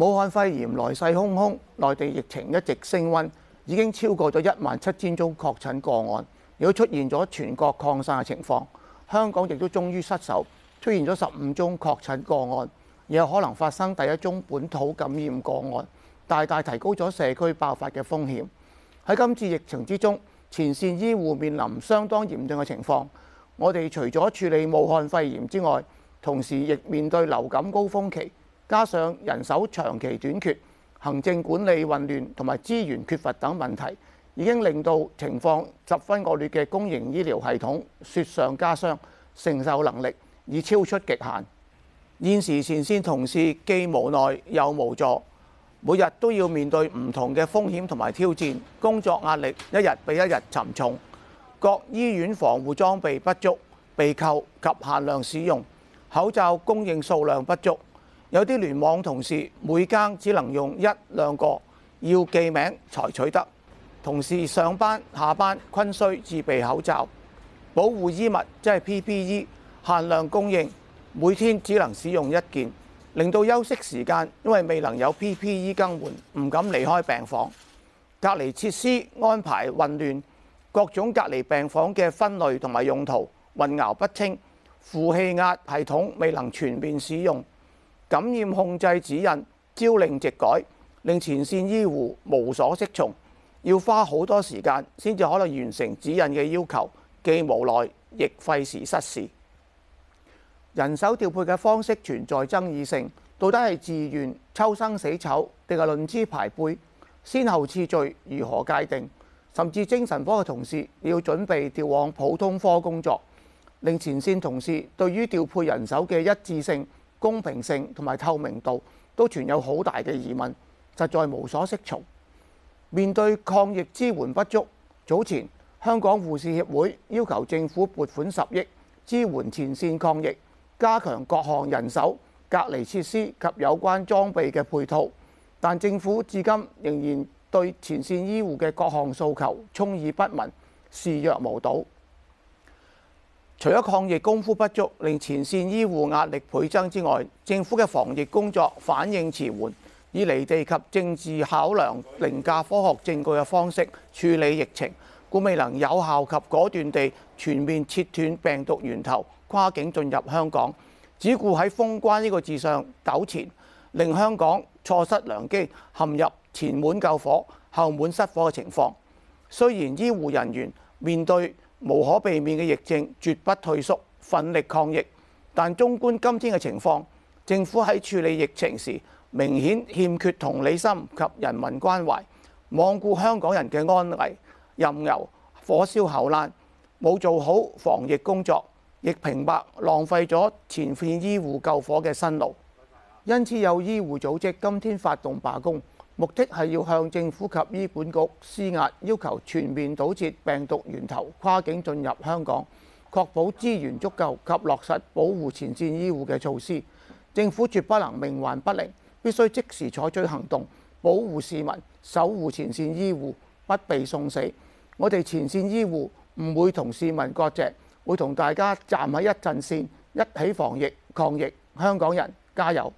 武漢肺炎來勢洶洶，內地疫情一直升溫，已經超過咗一萬七千宗確診個案。如果出現咗全國擴散嘅情況，香港亦都終於失守，出現咗十五宗確診個案，也有可能發生第一宗本土感染個案，大大提高咗社區爆發嘅風險。喺今次疫情之中，前線醫護面臨相當嚴峻嘅情況。我哋除咗處理武漢肺炎之外，同時亦面對流感高峰期。加上人手長期短缺、行政管理混亂同埋資源缺乏等問題，已經令到情況十分惡劣嘅公營醫療系統雪上加霜，承受能力已超出極限。現時前線同事既無奈又無助，每日都要面對唔同嘅風險同埋挑戰，工作壓力一日比一日沉重。各醫院防護裝備不足、被扣及限量使用，口罩供應數量不足。有啲聯網同事每間只能用一兩個，要記名才取得。同事上班下班均需自備口罩，保護衣物即係 PPE，限量供應，每天只能使用一件，令到休息時間因為未能有 PPE 更換，唔敢離開病房。隔離設施安排混亂，各種隔離病房嘅分類同埋用途混淆不清，負氣壓系統未能全面使用。感染控制指引朝令夕改，令前線醫護無所適從，要花好多時間先至可能完成指引嘅要求，既無奈亦費時失事。人手調配嘅方式存在爭議性，到底係自願抽生死籌定係論資排輩先後次序如何界定？甚至精神科嘅同事要準備調往普通科工作，令前線同事對於調配人手嘅一致性。公平性同埋透明度都存有好大嘅疑問，實在無所適從。面對抗疫支援不足，早前香港護士協會要求政府撥款十億支援前線抗疫，加強各項人手、隔離設施及有關裝備嘅配套。但政府至今仍然對前線醫護嘅各項訴求充耳不聞，視若無睹。除咗抗疫功夫不足，令前線醫護壓力倍增之外，政府嘅防疫工作反應遲緩，以離地及政治考量凌駕科學證據嘅方式處理疫情，故未能有效及果斷地全面切斷病毒源頭跨境進入香港，只顧喺封關呢個字上糾纏，令香港錯失良機陷入前門救火、後門失火嘅情況，雖然醫護人員面對，無可避免嘅疫症，絕不退縮奮力抗疫。但綜觀今天嘅情況，政府喺處理疫情時明顯欠缺同理心及人民關懷，罔顧香港人嘅安危，任由火燒後欄，冇做好防疫工作，亦平白浪費咗前線醫護救火嘅辛勞，因此有醫護組織今天發動罷工。目的係要向政府及醫管局施壓，要求全面堵截病毒源頭跨境進入香港，確保資源足夠及落實保護前線醫護嘅措施。政府絕不能冥頑不靈，必須即時採取行動，保護市民，守護前線醫護不被送死。我哋前線醫護唔會同市民割席，會同大家站喺一陣線，一起防疫抗疫。香港人加油！